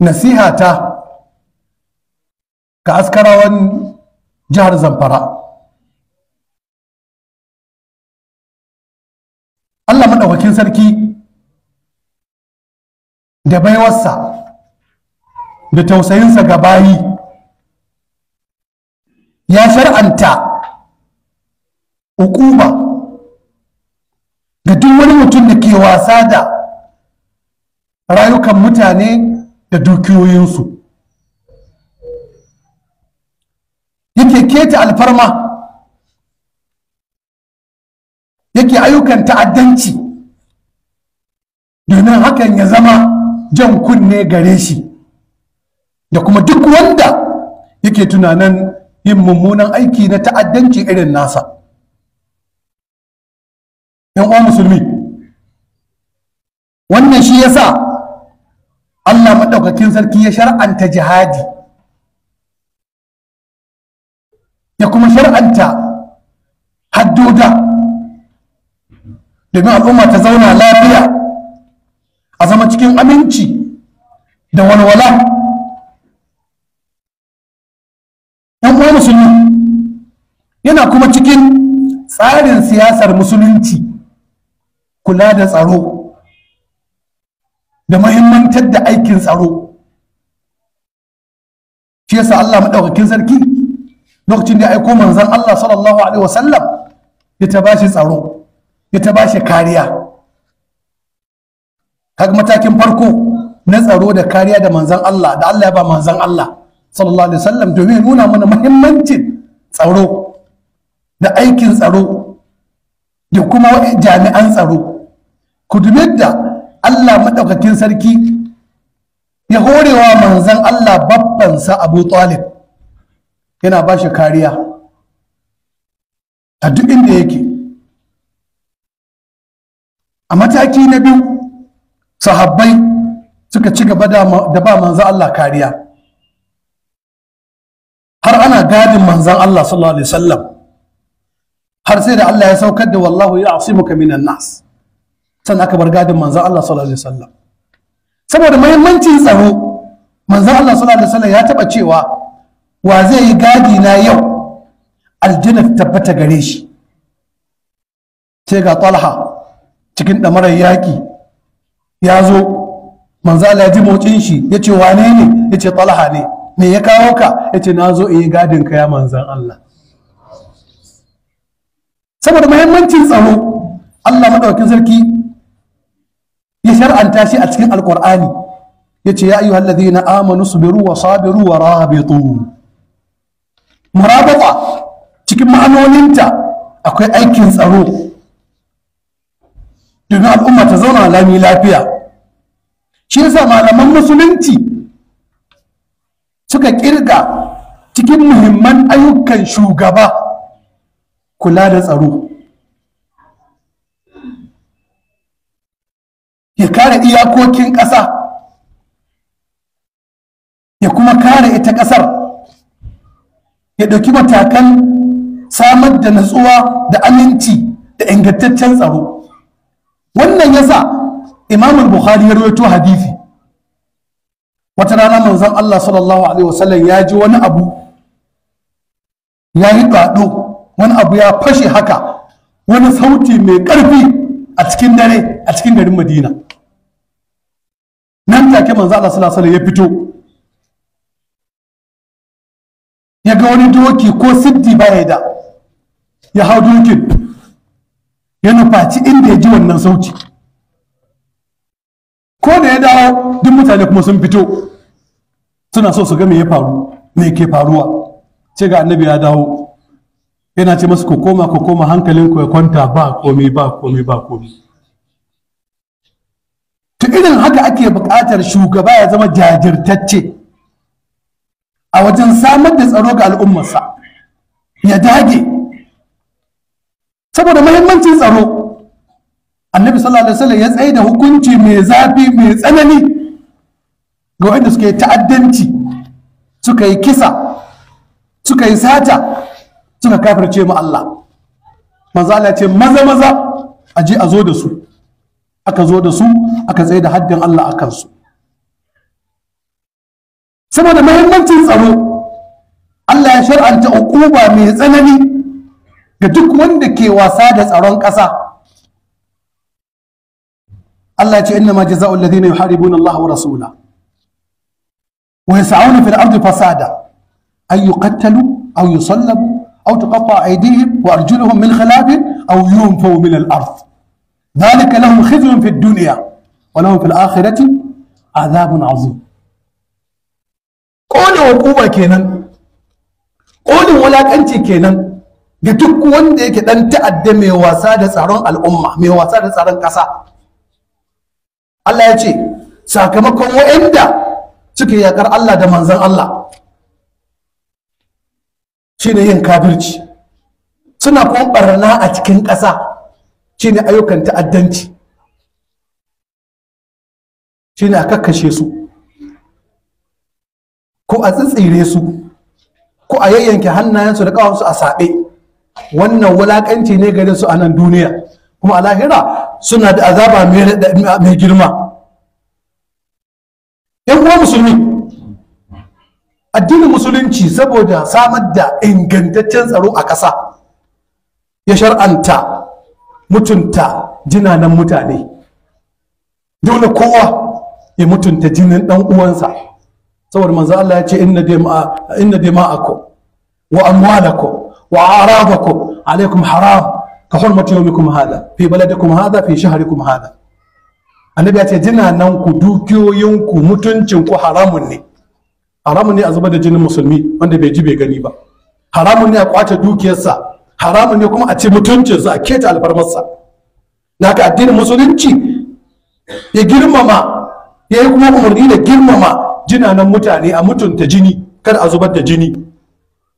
nasiha ta ga askarawan jihar zamfara Allah maɗaukakin sarki da baiwarsa da tausayinsa ga bayi ya shar'anta hukuma ga duk wani mutum da ke wasa da rayukan mutane da dukiyoyinsu yake keta alfarma yake ayyukan ta'addanci domin hakan ya zama jan kunne gare shi da kuma duk wanda yake tunanin yin mummunan aiki na ta'addanci irin nasa yan uwa musulmi wannan shi yasa Allah maɗaukakin sarki ya shar'anta jihadi ya kuma shar'anta haddoda domin al'umma ta zauna lafiya a zama cikin aminci da walwala ɗan uwa musulmi yana kuma cikin tsarin siyasar musulunci kula da tsaro da mahimmantar da aikin tsaro shi yasa Allah madaukakin sarki lokacin da ya aiko manzon Allah sallallahu alaihi wasallam ya ta bashi tsaro ya ta bashi kariya kaga matakin farko na tsaro da kariya da manzon Allah da Allah ya ba manzon Allah sallallahu alaihi wasallam domin nuna mana mahimmancin tsaro da aikin tsaro da kuma jami'an tsaro ku dubi da Allah maɗaukakin sarki ya horewa manzan Allah babbansa Abu Talib yana ba shi kariya a duk inda yake a mataki na biyu sahabbai suka ci gaba da ba manzan Allah kariya har ana gadin manzan Allah sallallahu alaihi wasallam har sai da Allah ya saukar da wallahu ya asimuka minan nas sannan aka bar gadin manzan Allah sallallahu alaihi wasallam saboda muhimmancin tsaro manzan Allah sallallahu alaihi wasallam ya taba cewa wa zai yi gadi na yau aljanna tabbata gare shi sai ga Talha cikin damarar yaki ya zo manzan Allah ya ji motsin shi ya ce wane ne ya ce Talha ne me ya kawo ka ya ce na zo in yi gadin ka ya manzan Allah saboda muhimmancin tsaro Allah madaukakin sarki ya shar'anta shi a cikin ya yace ya ayyuhal ladina amanu sabiru wa sabiru wa rabitu murabata cikin ma'anoninta akwai aikin tsaro domin al'umma ta zauna lami lafiya shi yasa malaman musulunci suka kirga cikin muhimman ayyukan shugaba kula da tsaro ya kare iyakokin ƙasa ya kuma kare ita ƙasar ya ɗauki matakan samar da natsuwa da aminci da ingantaccen tsaro wannan yasa imamul bukhari ya rawaito hadisi wata rana manzon Allah sallallahu alaihi wasallam ya ji wani abu ya yi ɗaɗo wani abu ya fashe haka wani sauti mai ƙarfi a cikin dare a cikin garin madina take manzo Allah sallallahu alaihi ya fito ya ga wani doki ko siddi baya da ya hau dokin ya nufaci inda ya ji wannan sauti ko da ya dawo duk mutane kuma sun fito suna so su ga me ya faru me ke faruwa ce ga annabi ya dawo yana ce masu ku koma ku koma hankalinku ya kwanta ba komi ba komi ba komi irin haka ake buƙatar shugaba ya zama jajirtacce a wajen samar da tsaro ga al'ummarsa ya dage saboda mahimmancin tsaro annabi sallallahu alaihi wasallam ya tsaye da hukunci mai zafi mai tsanani ga wanda suka yi ta'addanci suka yi kisa suka yi sata suka kafirce mu Allah manzo Allah ce maza maza aje a zo da su aka zo da su aka tsaye da haddin Allah akan su saboda muhimmancin tsaro Allah ya shar'anta hukuma mai tsanani ga duk wanda ke wasa da tsaron kasa Allah ya ce inna ma jaza'u alladhina yuharibuna Allah wa rasulahu wa yas'una fil ardi fasada ay yuqtalu aw yusallabu aw tuqatta aydihim wa arjuluhum min khilaf aw yunfaw min al ardh zalika lahum khizyun fid dunya wa lahum fil akhirati azabun azim kone hukuma kenan ƙonin wulakanci kenan ga duk wanda yake ɗan ta'adda mai wasa da tsaron al'umma mai wasa da tsaron ƙasa Allah ya ce sakamakon wa'anda suke yaƙar Allah da manzon Allah shine yin kafirci suna kuma barna a cikin ƙasa shine ayyukan ta'addanci shine a kakkashe su ko a tsitsire su ko a yayyanke hannayensu da ƙawarsu a saɓe wannan wulaƙanci ne gare su a nan duniya kuma a lahira suna da azaba mai girma yan uwa musulmi addinin musulunci saboda samar da ingantaccen tsaro a ƙasa ya shar'anta mutunta jinanan mutane dole kowa ya mutunta jinin dan uwansa saboda manzo Allah ya ce inna dima inna dima'akum wa amwalakum wa aradakum alaikum haram ka hurmati yawmikum hada fi baladikum hada fi shahrikum hada annabi ya ce jinanan ku dukiyoyin ku mutuncin ku haramun ne haramun ne a zubar da jinin musulmi wanda bai ji bai gani ba haramun ne a kwace dukiyarsa haramun ne kuma a ce su a keta alfarmarsa na ka addinin musulunci ya girmama ya yi kuma umarni da girmama jinanan mutane a mutunta jini kar a zubar da jini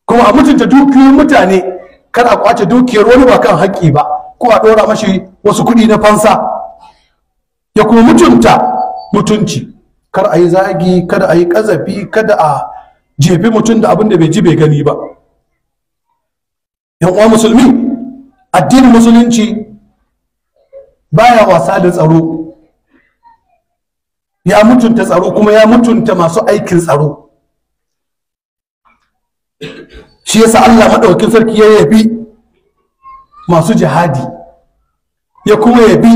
kuma a mutunta dukiyoyin mutane kar a kwace dukiyar wani ba kan haƙƙi ba ko a ɗora mashi wasu kuɗi na fansa ya kuma mutunta mutunci kar a yi zagi kada a yi ƙazafi kada a jefi mutum da abin da bai ji bai gani ba yan uwa musulmi addinin musulunci baya wasa da tsaro ya mutunta tsaro kuma ya mutunta masu aikin tsaro shi yasa Allah maɗaukin sarki ya yabi masu jihadi ya kuma yabi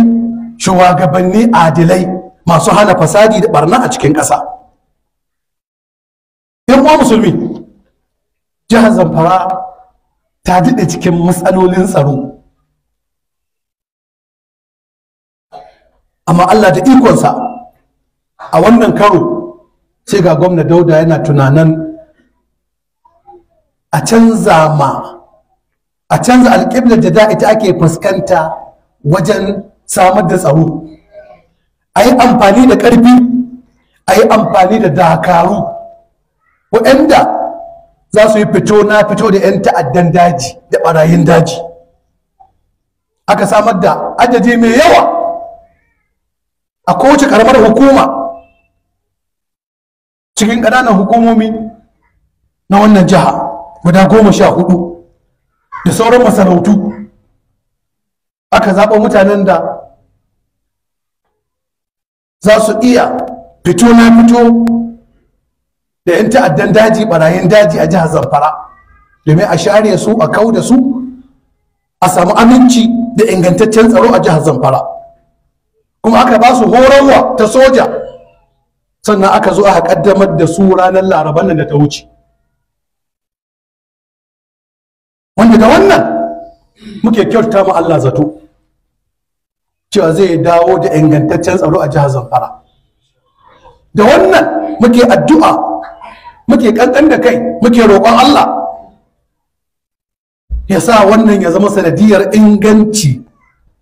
shugabanni adilai masu hana fasadi da barna a cikin ƙasa yan uwa musulmi jihar zamfara ta daɗe cikin matsalolin tsaro amma Allah da ikonsa a wannan karo sai ga gwamna dauda yana tunanan a canza ma a canza alƙiblar da da ita ake fuskanta wajen samar da tsaro a yi amfani da ƙarfi a yi amfani da dakaru waɗanda za su yi fito na fito da 'yan ta'addan daji da barayin daji aka samar da adadi mai yawa a kowace karamar hukuma cikin ƙananan hukumomi na wannan jiha guda goma sha hudu da sauran masarautu aka zaɓa mutanen da za su iya fito na fito da 'yan ta'addan daji barayin daji a jihar zamfara domin a share su a kau da su a samu aminci da ingantaccen tsaro a jihar zamfara kuma aka ba su horarwa ta soja sannan aka zo aka kaddamar da su ranar laraban nan da ta wuce wanda da wannan muke kyauta ma Allah zato cewa zai dawo da ingantaccen tsaro a jihar zamfara da wannan muke addu'a muke kankan da kai muke roƙon Allah ya sa wannan ya zama sanadiyar inganci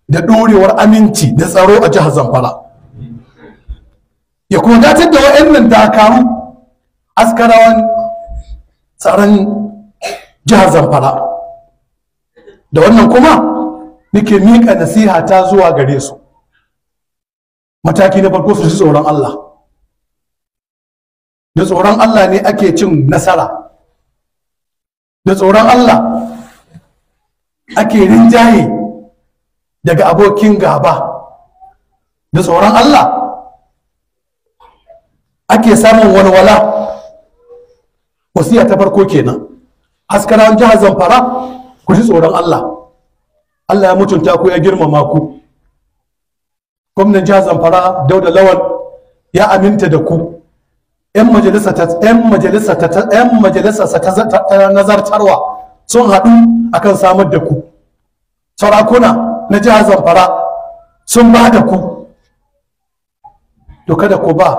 da ɗorewar aminci da tsaro a jihar zamfara ya kuma dace da wa'annan dakaru askarawan tsaron jihar zamfara da wannan kuma nake miƙa nasiha ta zuwa gare su mataki na farko su ji tsoron Allah da tsoron Allah ne ake cin nasara da tsoron Allah ake rinjaye daga abokin gaba da tsoron Allah ake samun walwala wasiya ta farko kenan askarawan jihar zamfara ku ji tsoron Allah Allah ya mutunta ku ya girmama ku gwamnan jihar zamfara dauda Lawal ya aminta da ku 'yan majalisa ta 'yan majalisa ta 'yan majalisa ta nazartarwa sun haɗu akan samar da ku sarakuna na jihar zamfara sun ba da ku to kada ku ba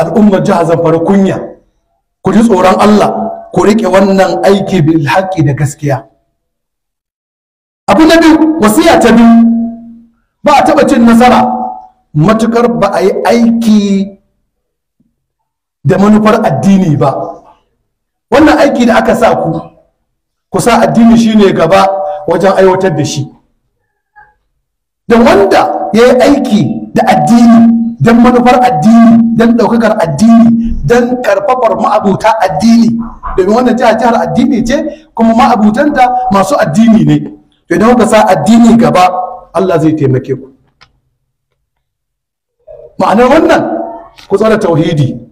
al'ummar jihar zamfara kunya ku ji tsoron Allah ku riƙe wannan aiki bil haƙƙi da gaskiya abu na biyu wasiya ta biyu ba a taɓa cin nasara matukar ba a yi aiki da manufar addini ba wannan aiki da aka sa ku ku sa addini shine gaba wajen aiwatar da shi da wanda ya yi aiki da addini don manufar addini don ɗaukakar addini don karfafar ma'abuta addini domin wannan jihar jihar addini ce kuma ma'abutanta masu addini ne to idan kuka sa addini gaba Allah zai taimake ku ma'anar wannan ku tsara tauhidi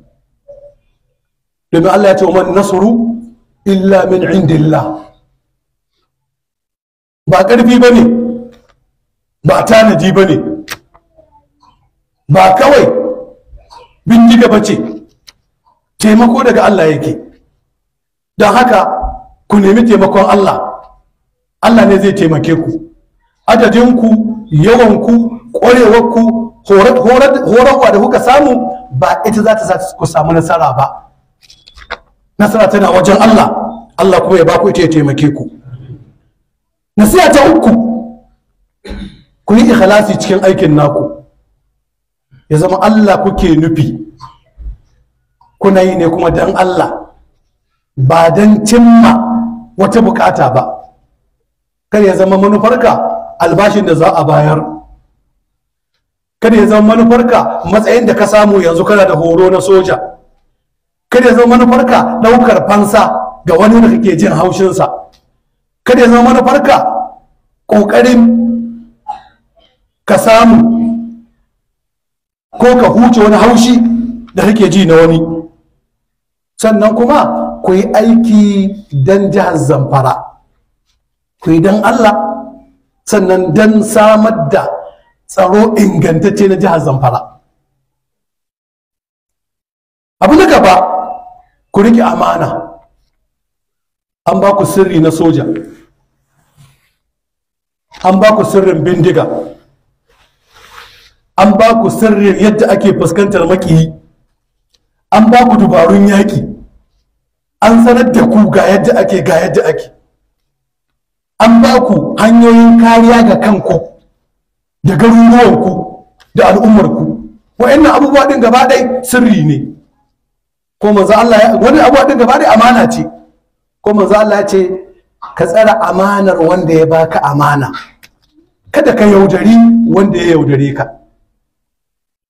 domin Allah ya ce wa nasru illa min indillah ba ƙarfi ba ne ba tanadi ba ne ba kawai bindiga ba ce taimako daga Allah yake don haka ku nemi taimakon Allah Allah ne zai taimake ku adadinku yawanku ƙwarewarku horarwa da kuka samu ba ita za ta ku samu nasara ba nasara tana wajen Allah Allah kuma ya ba ku ita ya taimake ku nasiha ta uku ku yi ikhlasi cikin aikin naku ya zama Allah kuke nufi kuna yi ne kuma dan Allah ba dan cimma wata bukata ba kar ya zama manufarka albashin da za a bayar kada ya zama manufarka matsayin da ka samu yanzu kana da horo na soja kada ya zama manufarka ɗaukar fansa ga wani da kake jin haushinsa kada ya zama manufarka ƙoƙarin ka samu ko ka huce wani haushi da kake ji na wani sannan kuma ku yi aiki don jihar zamfara ku yi don allah sannan don samar da tsaro ingantacce na jihar zamfara abu na gaba ku riƙe amana an ba ku sirri na soja an ba ku sirrin bindiga an ba ku sirrin yadda ake fuskantar makiyi an ba ku dubarun yaƙi an sanar da ku ga yadda ake ga yadda ake an ba ku hanyoyin kariya ga kanku da garuruwanku da al'ummarku wa'annan abubuwa ɗin gaba ɗaya? sirri ne ko manzo Allah wani abu din gaba da amana ce ko manzo Allah ya ce ka tsara amanar wanda ya baka amana kada ka yaudari wanda ya yaudare ka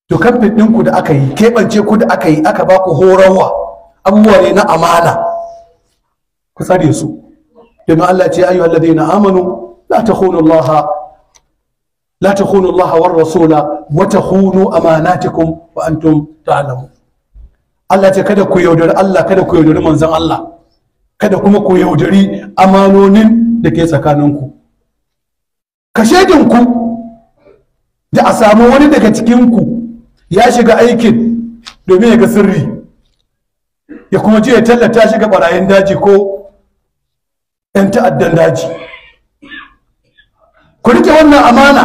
to kamfin ɗinku da aka yi keɓance ku da aka yi aka ba ku horarwa abubuwa ne na amana ku tsare su domin Allah ce ayyuhal na amanu la takhunu Allah la takhunu Allah war rasula wa takhunu amanatikum wa antum ta'lamun Allah ce kada ku yaudari Allah kada ku yaudari manzon Allah kada kuma ku yaudari amanonin da ke tsakaninku ka ku da a samu wani daga cikinku ya shiga aikin domin ya ga sirri ya kuma je ya tallata shi ga barayin daji ko 'yan ta'addan daji ku rike wannan amana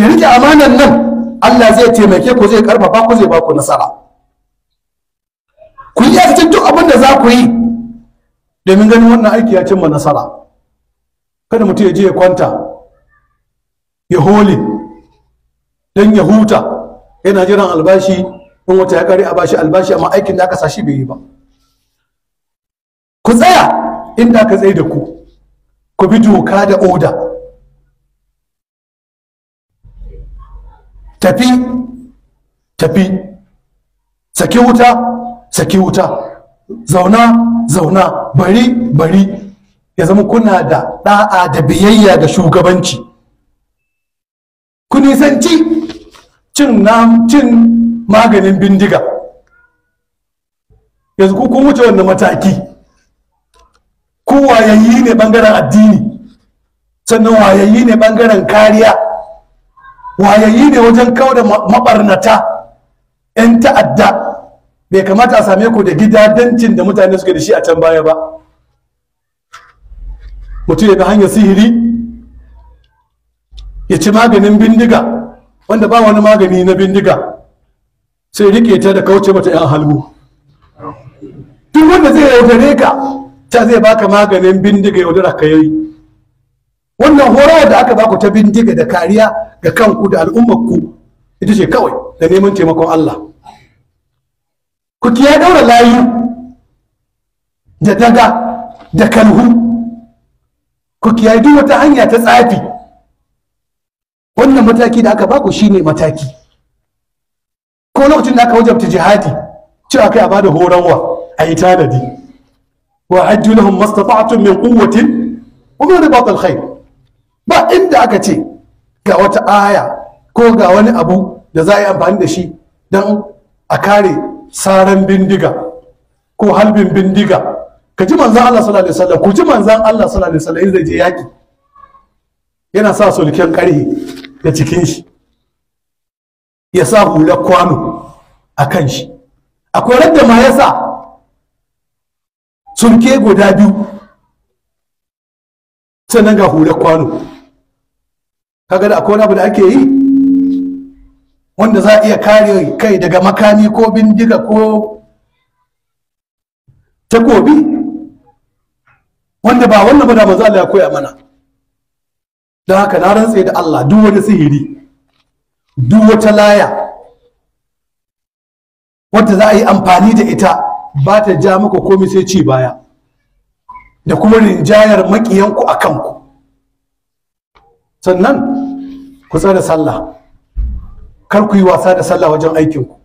da rike amanan nan Allah zai taimake ku zai karfafa ku zai ba ku nasara iyakacin duk abin da za ku yi domin ganin wannan aiki ya cimma nasara kada mutum ya je ya kwanta ya hole don ya huta yana jiran albashi in wata ya kare a bashi albashi amma aikin da aka bai yi ba ku tsaya inda aka tsaye da ku ku bi doka da oda tafi tafi saki wuta saki wuta zauna zauna bari bari ya zama kuna da da'a da biyayya ga shugabanci ku nisanci cin cin maganin bindiga yanzu ku kun wuce wannan mataki ku wayayyi ne bangaren addini sannan wayayyi ne bangaren kariya Wayayi ne wajen kawo da mabarnata 'yan ta'adda bai kamata a same ku da gidadancin da mutane suke da shi a can baya ba mutum ya bi hanyar sihiri ya ci maganin bindiga wanda ba wani magani na bindiga sai rike ta da kauce mata 'yan halbu duk wanda zai yaudare ka ta zai baka maganin bindiga yaudara ka yi wannan horar da aka baku ta bindiga da kariya ga kanku da al'ummarku ita ce kawai da neman taimakon Allah Ku ya ɗaura layu da daga da kalhu ku ya duk wata hanya ta tsafi wannan mataki da aka baku shine mataki ko lokacin da aka wajabta jihadi cewa kai a bada horarwa a yi tanadi wa ajju lahum mastata'tum min quwwatin wa min ribat alkhair ba inda aka ce ga wata aya ko ga wani abu da za a yi amfani da shi don a kare saran bindiga ko halbin bindiga ka ji manzan Allah sallallahu alaihi wasallam ku ji manzan Allah sallallahu alaihi wasallam zai je yaki yana sa sulken karhi da cikin shi ya sa hular kwano a kan shi akwai radda ma ya sa sulke guda biyu sannan ga hular kwano kaga da akwai wani abu da ake yi wanda za a iya kare kai daga makami ko bindiga ko takobi wanda ba wannan ba da manzo Allah ya koya mana don haka na rantse da Allah duk wani sihiri duk wata laya wanda za a yi amfani da ita ba ta ja muku komai sai ci baya da kuma rinjayar makiyanku a kanku sannan ku tsare sallah kar ku yi wasa da sallah wajen aikin ku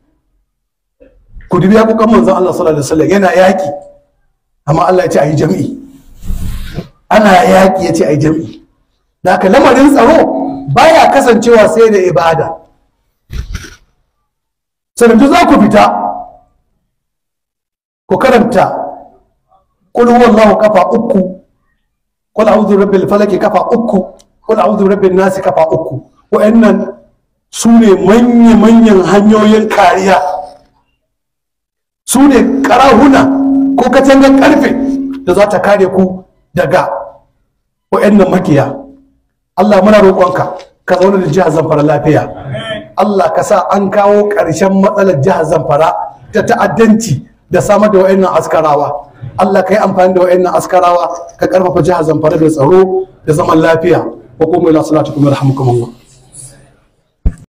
ku dubi ya kuka manzon Allah sallallahu alaihi wasallam yana yaki amma Allah ya ce ayi jami'i ana yaki ya ce ayi jami'i da ka lamarin tsaro baya kasancewa sai da ibada sanadu za ku fita ku karanta qul huwallahu kafa uku qul a'udhu birabbil Falaki kafa uku qul a'udhu birabbin Nasi kafa uku wa'annan Sune ne manya-manyan hanyoyin kariya Sune ne karahuna ko katangar karfe da za ta kare ku daga wa'annan makiya Allah muna roƙonka ka zauna da jihar zamfara lafiya Allah ka sa an kawo ƙarshen matsalar jihar zamfara ta ta'addanci da samar da wa'annan askarawa Allah ka yi amfani da wa'annan askarawa ka ƙarfafa jihar zamfara da tsaro da zaman lafiya wa kuma ila salatu kuma rahmukumullah